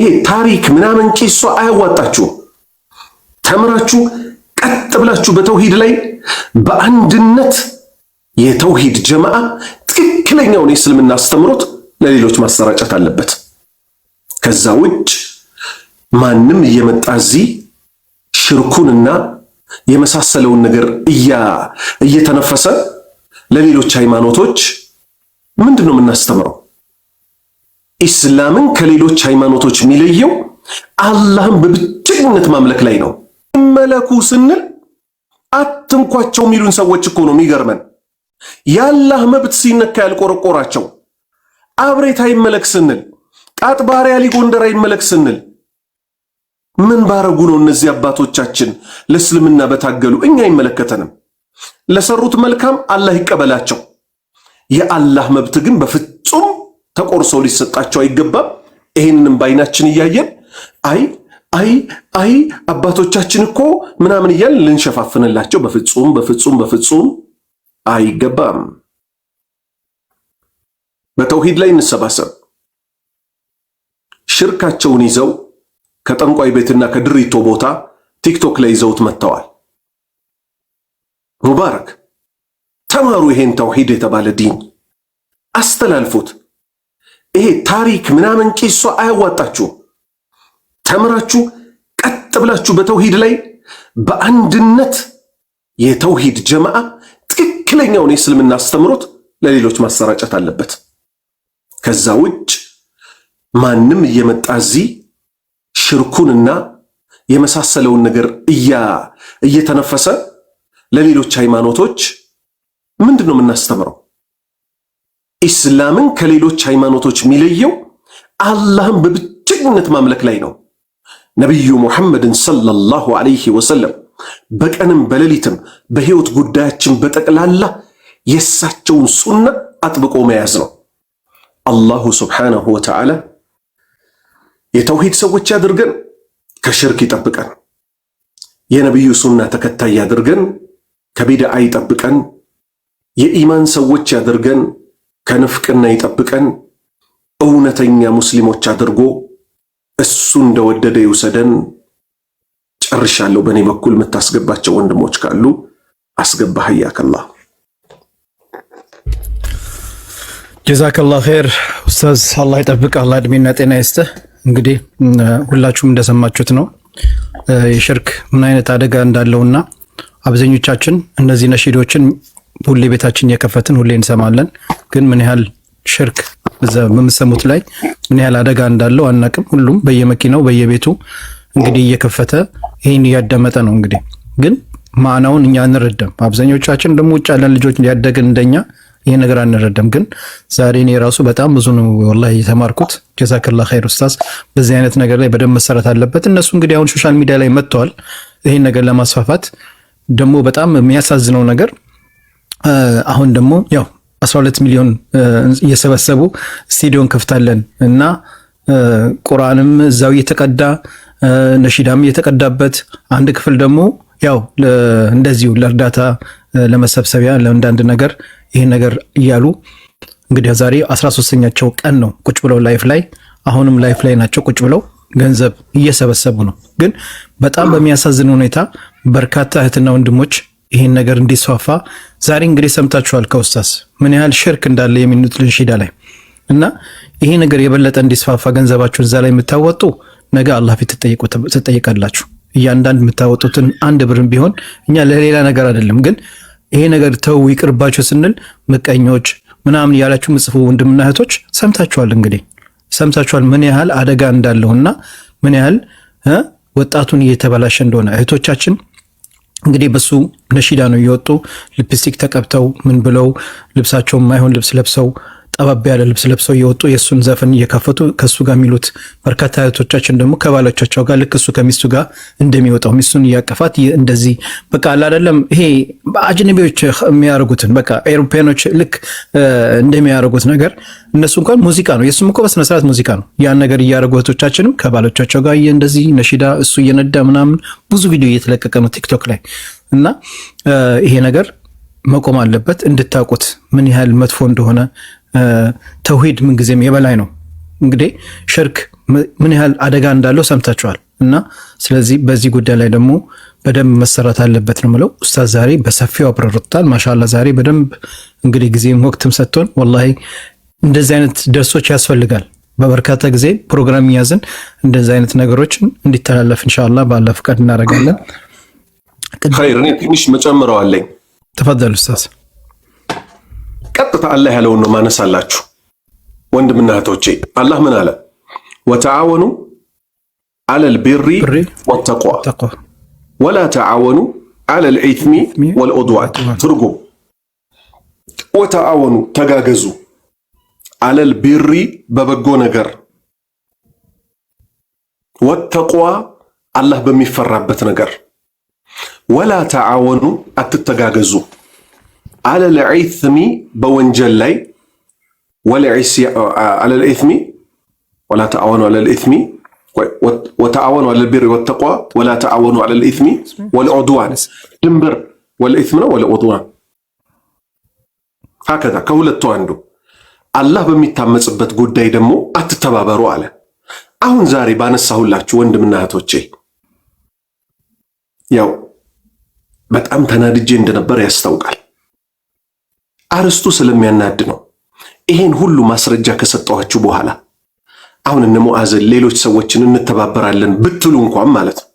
ይሄ ታሪክ ምናምን ጭሷ አያዋጣችሁ? ተምራችሁ ቀጥ ብላችሁ በተውሂድ ላይ በአንድነት የተውሂድ ጀማዓ ትክክለኛውን የእስልምና አስተምሮት ለሌሎች ማሰራጨት አለበት። ከዛ ውጭ ማንም እየመጣ እዚህ ሽርኩንና የመሳሰለውን ነገር እየተነፈሰ ለሌሎች ሃይማኖቶች ምንድን ነው የምናስተምረው? ኢስላምን ከሌሎች ሃይማኖቶች የሚለየው አላህን በብቸኝነት ማምለክ ላይ ነው። መለኩ ስንል አትንኳቸው የሚሉን ሰዎች እኮ ነው የሚገርመን። የአላህ መብት ሲነካ ያልቆረቆራቸው አብሬት አይመለክ ስንል ጣጥ ባሪያ ሊጎንደር አይመለክ ስንል ምን ባረጉ ነው እነዚህ አባቶቻችን ለእስልምና በታገሉ? እኛ አይመለከተንም። ለሰሩት መልካም አላህ ይቀበላቸው። የአላህ መብት ግን በፍት ተቆርሶ ሊሰጣቸው አይገባም። ይህንንም በአይናችን እያየን አይ አይ አይ አባቶቻችን እኮ ምናምን እያል ልንሸፋፍንላቸው በፍጹም በፍጹም በፍጹም አይገባም። በተውሂድ ላይ እንሰባሰብ። ሽርካቸውን ይዘው ከጠንቋይ ቤትና ከድሪቶ ቦታ ቲክቶክ ላይ ይዘውት መጥተዋል። ሙባረክ ተማሩ። ይሄን ተውሂድ የተባለ ዲን አስተላልፉት። ይሄ ታሪክ ምናምን ቂሷ አያዋጣችሁ? ተምራችሁ ቀጥ ብላችሁ በተውሂድ ላይ በአንድነት የተውሂድ ጀማዓ ትክክለኛውን የእስልምና አስተምሮት ለሌሎች ማሰራጨት አለበት። ከዛ ውጭ ማንም እየመጣ እዚህ ሽርኩንና የመሳሰለውን ነገር እየተነፈሰ ለሌሎች ሃይማኖቶች ምንድን ነው የምናስተምረው? ኢስላምን ከሌሎች ሃይማኖቶች የሚለየው አላህን በብቸኝነት ማምለክ ላይ ነው። ነቢዩ ሙሐመድን ሰለላሁ ዐለይሂ ወሰለም በቀንም በሌሊትም በሕይወት ጉዳያችን በጠቅላላ የእሳቸውን ሱና አጥብቆ መያዝ ነው። አላሁ ስብሓነሁ ወተዓላ የተውሂድ ሰዎች ያድርገን፣ ከሽርክ ይጠብቀን። የነቢዩ ሱና ተከታይ ያድርገን፣ ከቢድዓ ይጠብቀን። የኢማን ሰዎች ያድርገን። ከንፍቅና ይጠብቀን። እውነተኛ ሙስሊሞች አድርጎ እሱ እንደወደደ ይውሰደን። ጨርሻለሁ። በእኔ በኩል የምታስገባቸው ወንድሞች ካሉ አስገባ። ህያከላ ጀዛከላ ኸይር ኡስታዝ፣ አላህ ይጠብቅ። አላህ እድሜና ጤና ይስጥህ። እንግዲህ ሁላችሁም እንደሰማችሁት ነው የሽርክ ምን አይነት አደጋ እንዳለውና አብዛኞቻችን እነዚህ ነሺዶችን ሁሌ ቤታችን እየከፈትን ሁሌ እንሰማለን። ግን ምን ያህል ሽርክ እዛ በምሰሙት ላይ ምን ያህል አደጋ እንዳለው አናቅም። ሁሉም በየመኪናው በየቤቱ እንግዲህ እየከፈተ ይህን እያዳመጠ ነው። እንግዲህ ግን ማዕናውን እኛ አንረዳም። አብዛኞቻችን ደግሞ ውጭ ያለን ልጆች ያደግን እንደኛ ይህ ነገር አንረዳም። ግን ዛሬ እኔ ራሱ በጣም ብዙ ነው ወላሂ የተማርኩት። ጀዛከላ ኸይር ኡስታዝ። በዚህ አይነት ነገር ላይ በደንብ መሰረት አለበት። እነሱ እንግዲህ አሁን ሶሻል ሚዲያ ላይ መጥተዋል ይህን ነገር ለማስፋፋት ደግሞ በጣም የሚያሳዝነው ነገር አሁን ደግሞ ያው 12 ሚሊዮን እየሰበሰቡ ስቴዲዮን ከፍታለን እና ቁርአንም እዛው እየተቀዳ ነሺዳም እየተቀዳበት አንድ ክፍል ደግሞ ያው እንደዚሁ ለእርዳታ ለመሰብሰቢያ ለአንዳንድ ነገር ይህን ነገር እያሉ እንግዲህ ዛሬ 13ኛቸው ቀን ነው ቁጭ ብለው ላይፍ ላይ አሁንም ላይፍ ላይ ናቸው ቁጭ ብለው ገንዘብ እየሰበሰቡ ነው። ግን በጣም በሚያሳዝን ሁኔታ በርካታ እህትና ወንድሞች ይሄን ነገር እንዲስፋፋ ዛሬ እንግዲህ ሰምታችኋል ከውስታስ ምን ያህል ሽርክ እንዳለ የሚኑት ልንሽዳ ላይ እና ይሄ ነገር የበለጠ እንዲስፋፋ ገንዘባችሁን እዛ ላይ የምታወጡ ነገ አላህ ፊት ትጠይቃላችሁ። እያንዳንድ የምታወጡትን አንድ ብርም ቢሆን እኛ ለሌላ ነገር አይደለም፣ ግን ይሄ ነገር ተው ይቅርባችሁ ስንል ምቀኞች ምናምን ያላችሁ ምጽፉ ወንድምና እህቶች ሰምታችኋል። እንግዲህ ሰምታችኋል ምን ያህል አደጋ እንዳለውና ምን ያህል ወጣቱን እየተበላሸ እንደሆነ እህቶቻችን እንግዲህ በሱ ነሺዳ ነው እየወጡ ሊፕስቲክ ተቀብተው ምን ብለው ልብሳቸው ማይሆን ልብስ ለብሰው ጠባብ ያለ ልብስ ለብሰው እየወጡ የእሱን ዘፈን እየከፈቱ ከእሱ ጋር የሚሉት በርካታ እህቶቻችን ደግሞ ከባሎቻቸው ጋር ልክ እሱ ከሚስቱ ጋር እንደሚወጣው ሚስቱን እያቀፋት እንደዚህ በቃ አላደለም። ይሄ አጅነቢዎች የሚያደርጉትን በቃ ኤሮፓኖች ልክ እንደሚያደርጉት ነገር እነሱ እንኳን ሙዚቃ ነው፣ የእሱም እኮ በስነስርዓት ሙዚቃ ነው። ያን ነገር እያደረጉ እህቶቻችንም ከባሎቻቸው ጋር እንደዚህ ነሺዳ እሱ እየነዳ ምናምን ብዙ ቪዲዮ እየተለቀቀ ነው ቲክቶክ ላይ እና ይሄ ነገር መቆም አለበት እንድታውቁት ምን ያህል መጥፎ እንደሆነ ተውሂድ ምንጊዜም የበላይ ነው። እንግዲህ ሽርክ ምን ያህል አደጋ እንዳለው ሰምታችኋል። እና ስለዚህ በዚህ ጉዳይ ላይ ደግሞ በደንብ መሰራት አለበት ነው ምለው። ኡስታዝ ዛሬ በሰፊው አብረሩታል። ማሻላ ዛሬ በደንብ እንግዲህ ጊዜም ወቅትም ሰጥቶን፣ ወላሂ እንደዚህ አይነት ደርሶች ያስፈልጋል። በበርካታ ጊዜ ፕሮግራም እያዝን እንደዚህ አይነት ነገሮችን እንዲተላለፍ እንሻላ ባለ ፍቃድ እናደርጋለን። እኔ ትንሽ መጨምረዋለኝ። ተፈደሉ ኡስታዝ በቀጥታ አላህ ያለውን ነው ማነሳላችሁ። ወንድምና እህቶቼ አላህ ምን አለ? ወተዓወኑ አለል ቢሪ ወተቋ ወላ ተዓወኑ አለል ኢትሚ ወልዑድዋን። ትርጉም ወተዓወኑ ተጋገዙ፣ አለል ቢሪ በበጎ ነገር፣ ወተቋ አላህ በሚፈራበት ነገር፣ ወላ ተዓወኑ አትተጋገዙ አለል ኢስሚ በወንጀል ላይ አለል ኢስሚ ወላ ተአወኑ አለል ወተአወኑ አለል ወተቋ ወላ ተአወኑ አለል ወልዑድዋን ድንበር ወልኢስም ነው ወልዑድዋን ሀከዛ ከሁለቱ አንዱ አላህ በሚታመጽበት ጉዳይ ደግሞ አትተባበሩ አለ። አሁን ዛሬ ባነሳሁላችሁ ወንድምና እህቶቼ ያው በጣም ተናድጄ እንደነበር ያስታውቃል። አርስቱ ስለሚያናድ ነው። ይሄን ሁሉ ማስረጃ ከሰጠኋችሁ በኋላ አሁን እነ ሌሎች ሰዎችን እንተባበራለን ብትሉ እንኳን ማለት ነው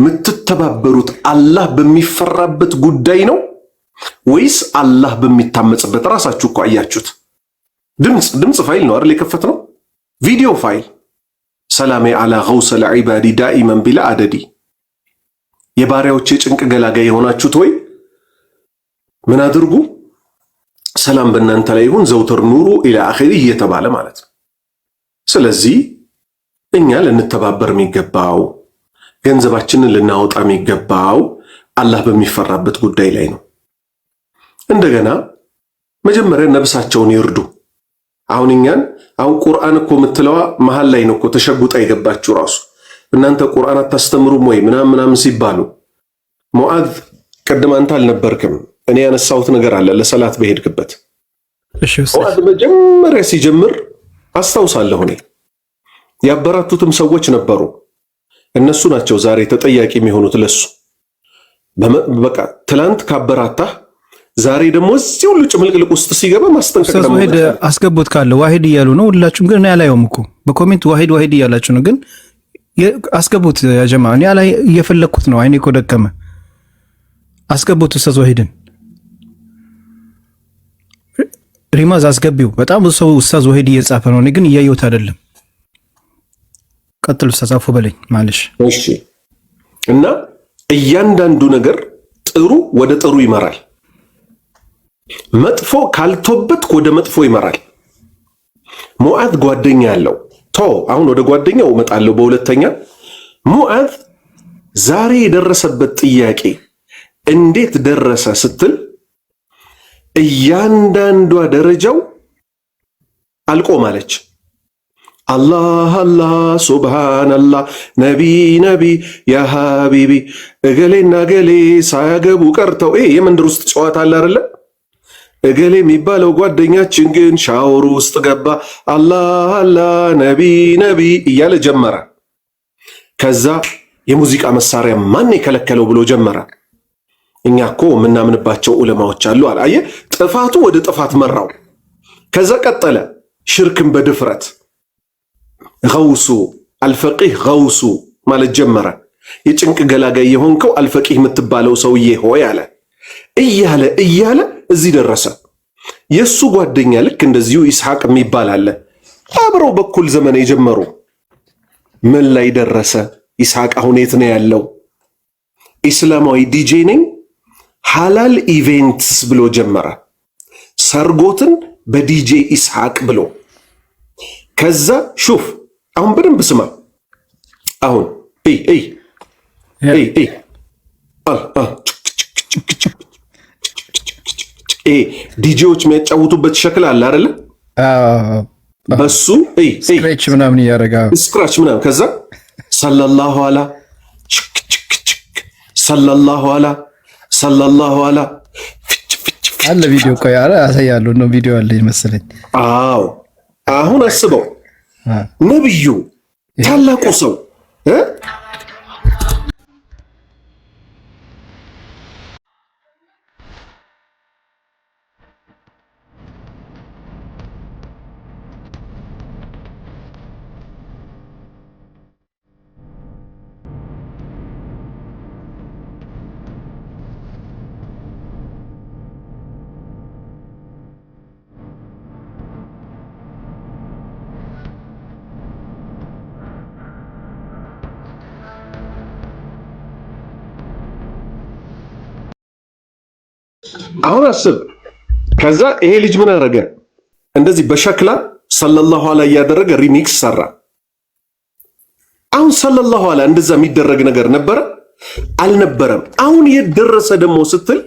የምትተባበሩት አላህ በሚፈራበት ጉዳይ ነው ወይስ አላህ በሚታመጽበት? ራሳችሁ እኮ አያችሁት። ድምፅ ድምፅ ፋይል ነው አይደል? የከፈት ነው ቪዲዮ ፋይል ሰላሜ አላ ገውሰ ለዒባዲ ዳኢመን ቢላ አደዲ የባሪያዎች የጭንቅ ገላጋይ የሆናችሁት ወይ ምን አድርጉ ሰላም በእናንተ ላይ ይሁን ዘውትር ኑሩ ኢላ አኺሪ እየተባለ ማለት ነው። ስለዚህ እኛ ልንተባበር የሚገባው ገንዘባችንን ልናወጣ የሚገባው አላህ በሚፈራበት ጉዳይ ላይ ነው። እንደገና መጀመሪያ ነብሳቸውን ይርዱ። አሁን እኛን አሁን ቁርአን እኮ የምትለዋ መሀል ላይ ነው እኮ ተሸጉጣ የገባችሁ ራሱ እናንተ ቁርአን አታስተምሩም ወይ ምናምን ምናምን ሲባሉ ሙአዝ ቅድም አንተ አልነበርክም እኔ ያነሳሁት ነገር አለ ለሰላት በሄድክበት ጧት መጀመሪያ ሲጀምር አስታውሳለሁ። እኔ ያበራቱትም ሰዎች ነበሩ። እነሱ ናቸው ዛሬ ተጠያቂ የሚሆኑት ለሱ። በቃ ትላንት ካበራታህ ዛሬ ደግሞ እዚህ ሁሉ ጭምልቅልቅ ውስጥ ሲገባ ማስጠንቀቅ ደግሞ አስገቡት ካለ ዋሂድ እያሉ ነው ሁላችሁም። ግን እኔ አላየውም እኮ በኮሜንት ዋሂድ ዋሂድ እያላችሁ ነው። ግን አስገቡት ያጀማ፣ እኔ ላይ እየፈለግኩት ነው። አይኔ እኮ ደከመ። አስገቡት ኡስታዝ ዋሂድን ሪማዝ አስገቢው። በጣም ብዙ ሰው ኡስታዝ ወሂድ እየጻፈ ነው፣ እኔ ግን እያየሁት አይደለም። ቀጥል ኡስታዝ አፎ በለኝ ማለሽ። እሺ። እና እያንዳንዱ ነገር ጥሩ ወደ ጥሩ ይመራል፣ መጥፎ ካልቶበት ወደ መጥፎ ይመራል። ሙዓዝ ጓደኛ ያለው ቶ አሁን ወደ ጓደኛው እመጣለሁ። በሁለተኛ ሙአዝ ዛሬ የደረሰበት ጥያቄ እንዴት ደረሰ ስትል እያንዳንዷ ደረጃው አልቆማለች። አላህ አላህ ሱብሃንአላህ ነቢ ነቢ ያ ሀቢቢ እገሌና እገሌ ሳያገቡ ቀርተው የመንደር ውስጥ ጨዋታ አለ አይደለ? እገሌ የሚባለው ጓደኛችን ግን ሻወር ውስጥ ገባ። አላህ አላህ ነቢ ነቢ እያለ ጀመረ። ከዛ የሙዚቃ መሳሪያ ማን የከለከለው ብሎ ጀመረ። እኛ እኮ የምናምንባቸው ዑለማዎች አሉ አለ። አየህ ጥፋቱ ወደ ጥፋት መራው። ከዛ ቀጠለ ሽርክን በድፍረት ገውሱ አልፈቂህ ገውሱ ማለት ጀመረ። የጭንቅ ገላጋይ የሆንከው አልፈቂህ የምትባለው ሰውዬ ሆይ አለ እያለ እያለ እዚህ ደረሰ። የእሱ ጓደኛ ልክ እንደዚሁ ኢስሐቅ የሚባል አለ። አብረው በኩል ዘመን የጀመሩ ምን ላይ ደረሰ? ኢስሐቅ አሁን የት ነው ያለው? ኢስላማዊ ዲጄ ነኝ ሐላል ኢቬንትስ ብሎ ጀመረ። ሰርጎትን በዲጄ ኢስሐቅ ብሎ ከዛ ሹፍ አሁን በደንብ ስማ። አሁን ዲጄዎች የሚያጫውቱበት ሸክል አለ አይደለ? በሱ ስክራች ምናምን እያደረጋ ስክራች ምናምን ከዛ ሰለላሁ አላ ሰለላሁ አላ ሰለላሁ አላ አለ ቪዲዮ እኮ ያሳያሉ ነው ቪዲዮ አለ መሰለኝ። አዎ አሁን አስበው ነብዩ ታላቁ ሰው አሁን አስብ። ከዛ ይሄ ልጅ ምን አደረገ? እንደዚህ በሸክላ ሰለላሁ ዐለይሂ እያደረገ ሪሚክስ ሰራ። አሁን ሰለላሁ ዐለይሂ እንደዛ የሚደረግ ነገር ነበረ አልነበረም? አሁን የደረሰ ደግሞ ስትል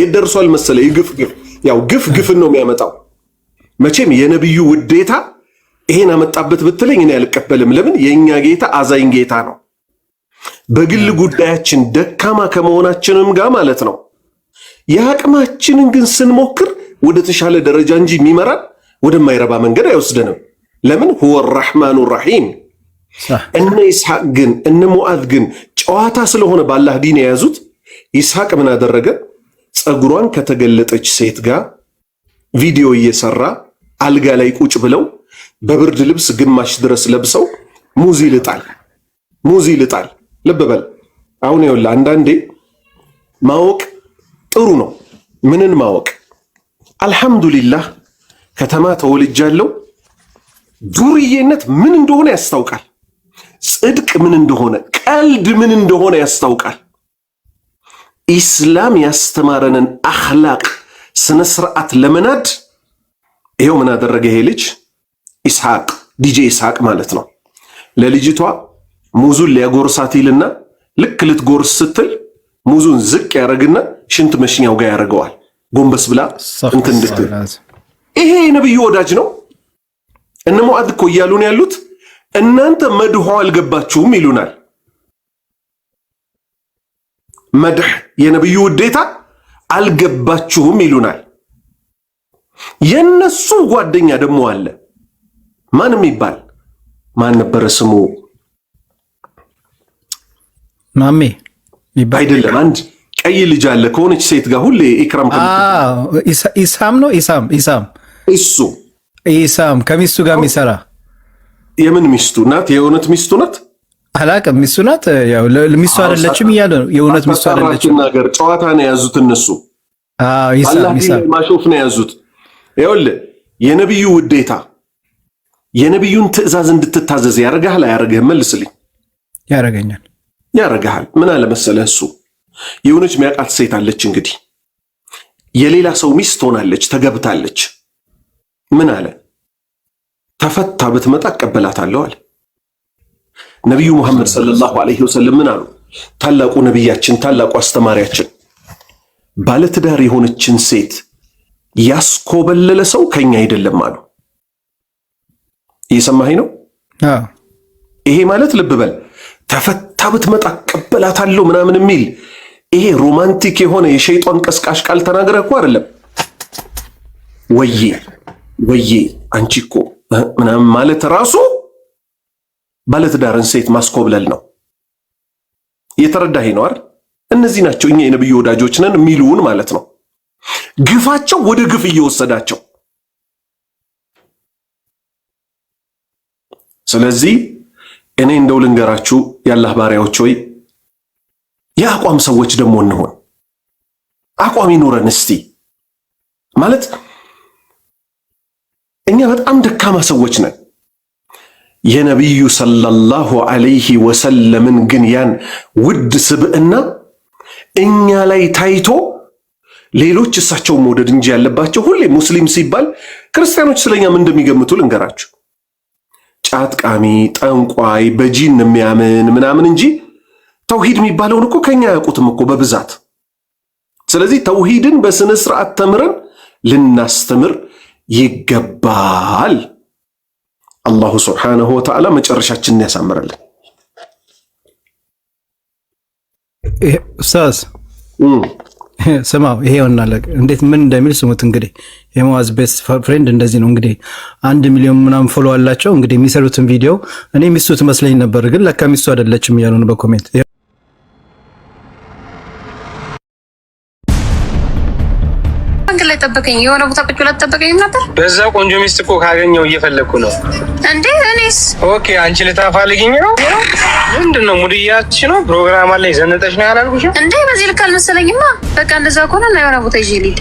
የደርሷል መሰለ። ግፍ ግፍ ያው ግፍ ግፍን ነው የሚያመጣው። መቼም የነቢዩ ውዴታ ይሄን አመጣበት ብትለኝ እኔ አልቀበልም። ለምን የእኛ ጌታ አዛኝ ጌታ ነው። በግል ጉዳያችን ደካማ ከመሆናችንም ጋር ማለት ነው የአቅማችንን ግን ስንሞክር ወደ ተሻለ ደረጃ እንጂ የሚመራን ወደማይረባ መንገድ አይወስደንም። ለምን ሁወ ራሕማኑ ራሒም። እነ ይስሐቅ ግን እነ ሙዓዝ ግን ጨዋታ ስለሆነ ባላህ ዲን የያዙት ይስሐቅ ምን አደረገ? ፀጉሯን ከተገለጠች ሴት ጋር ቪዲዮ እየሰራ አልጋ ላይ ቁጭ ብለው በብርድ ልብስ ግማሽ ድረስ ለብሰው ሙዚ ልጣል ሙዚ ልጣል። ልብ በል አሁን ይኸውልህ አንዳንዴ ማወቅ ጥሩ ነው። ምንን ማወቅ አልሐምዱሊላህ ከተማ ተወልጃለሁ። ዱርዬነት ምን እንደሆነ ያስታውቃል። ጽድቅ ምን እንደሆነ፣ ቀልድ ምን እንደሆነ ያስታውቃል። ኢስላም ያስተማረንን አኽላቅ ስነ ስርዓት ለመናድ ይኸው ምን አደረገ ይሄ ልጅ ኢስሐቅ፣ ዲጄ ኢስሐቅ ማለት ነው። ለልጅቷ ሙዙን ሊያጎርሳት ይልና ልክ ልትጎርስ ስትል ሙዙን ዝቅ ያደረግና ሽንት መሽኛው ጋር ያደረገዋል። ጎንበስ ብላ እንትን እንድትል። ይሄ የነብዩ ወዳጅ ነው። እነ ሙዓዝ እኮ እያሉን ያሉት እናንተ መድሖ አልገባችሁም ይሉናል። መድሕ የነብዩ ውዴታ አልገባችሁም ይሉናል። የነሱ ጓደኛ ደግሞ አለ። ማንም ይባል ማን ነበረ ስሙ ማሜ አይደለም። አንድ ቀይ ልጅ አለ ከሆነች ሴት ጋር ሁሌ ኢክራም ኢሳም ነው ኢሳም ኢሳም እሱ ኢሳም ከሚስቱ ጋር የሚሰራ የምን ሚስቱ ናት? የእውነት ሚስቱ ናት? አላቅም። ሚስቱ ናት። ሚስቱ አይደለችም እያለ ነው። የእውነት ሚስቱ አይደለችም። ነገር ጨዋታ ነው የያዙት እነሱ። ማሾፍ ነው የያዙት። ይኸውልህ የነቢዩ ውዴታ የነቢዩን ትዕዛዝ እንድትታዘዝ ያደርግሃል አያደርግህም? መልስልኝ። ያደርገኛል ያረግሃል። ምን አለ መሰለ እሱ የሆነች ሚያውቃት ሴት አለች እንግዲህ የሌላ ሰው ሚስት ሆናለች፣ ተገብታለች። ምን አለ ተፈታ ብትመጣ እቀበላታለሁ አለ። ነቢዩ ሙሐመድ ሰለላሁ ዐለይሂ ወሰለም ምን አሉ? ታላቁ ነቢያችን፣ ታላቁ አስተማሪያችን ባለትዳር የሆነችን ሴት ያስኮበለለ ሰው ከኛ አይደለም አሉ። እየሰማኸኝ ነው? ይሄ ማለት ልብ በል ተፈታ መታ ብትመጣ ቀበላታለሁ ምናምን የሚል ይሄ ሮማንቲክ የሆነ የሸይጧን ቀስቃሽ ቃል ተናግረህ እኮ አይደለም። ወዬ ወዬ አንቺ እኮ ምናምን ማለት ራሱ ባለትዳርን ሴት ማስኮብለል ነው። የተረዳህ ነው አይደል? እነዚህ ናቸው እኛ የነብዩ ወዳጆች ነን የሚሉን ማለት ነው። ግፋቸው ወደ ግፍ እየወሰዳቸው ስለዚህ እኔ እንደው ልንገራችሁ የአላህ ባሪያዎች ሆይ የአቋም ሰዎች ደግሞ እንሆን። አቋም ይኑረን እስቲ ማለት እኛ በጣም ደካማ ሰዎች ነን። የነቢዩ ሰለላሁ ዐለይሂ ወሰለምን ግን ያን ውድ ስብዕና እኛ ላይ ታይቶ ሌሎች እሳቸውን መውደድ እንጂ ያለባቸው ሁሌ ሙስሊም ሲባል ክርስቲያኖች ምን እንደሚገምቱ ልንገራችሁ ጫት ቃሚ፣ ጠንቋይ፣ በጂን የሚያምን ምናምን እንጂ ተውሂድ የሚባለውን እኮ ከኛ አያውቁትም እኮ በብዛት። ስለዚህ ተውሂድን በስነ ስርዓት ተምረን ልናስተምር ይገባል። አላሁ ስብሓነሁ ወተዓላ መጨረሻችንን ያሳምረልን። ኡስታዝ ስማው ይሄ ሆናለ እንዴት ምን እንደሚል ስሙት። እንግዲህ የመዋዝ ቤስት ፍሬንድ እንደዚህ ነው እንግዲህ አንድ ሚሊዮን ምናምን ፎሎ አላቸው። እንግዲህ የሚሰሩትን ቪዲዮ እኔ ሚስቱ ትመስለኝ ነበር፣ ግን ለካ ሚስቱ አይደለችም እያሉ ነው በኮሜንት ጠበቀኝ፣ የሆነ ቦታ ቁጭ ብላ ጠበቀኝ ነበር። በዛ ቆንጆ ሚስት እኮ ካገኘው እየፈለግኩ ነው እንዴ። እኔስ ኦኬ፣ አንቺ ልታፋልግኝ ነው? ምንድን ነው ሙድያች ነው? ፕሮግራም አለ ዘነጠች ነው ያላልኩሽ እንዴ? በዚህ ልክ አልመሰለኝማ። በቃ እንደዛ ከሆነ እና የሆነ ቦታ ይዤ ልሂድ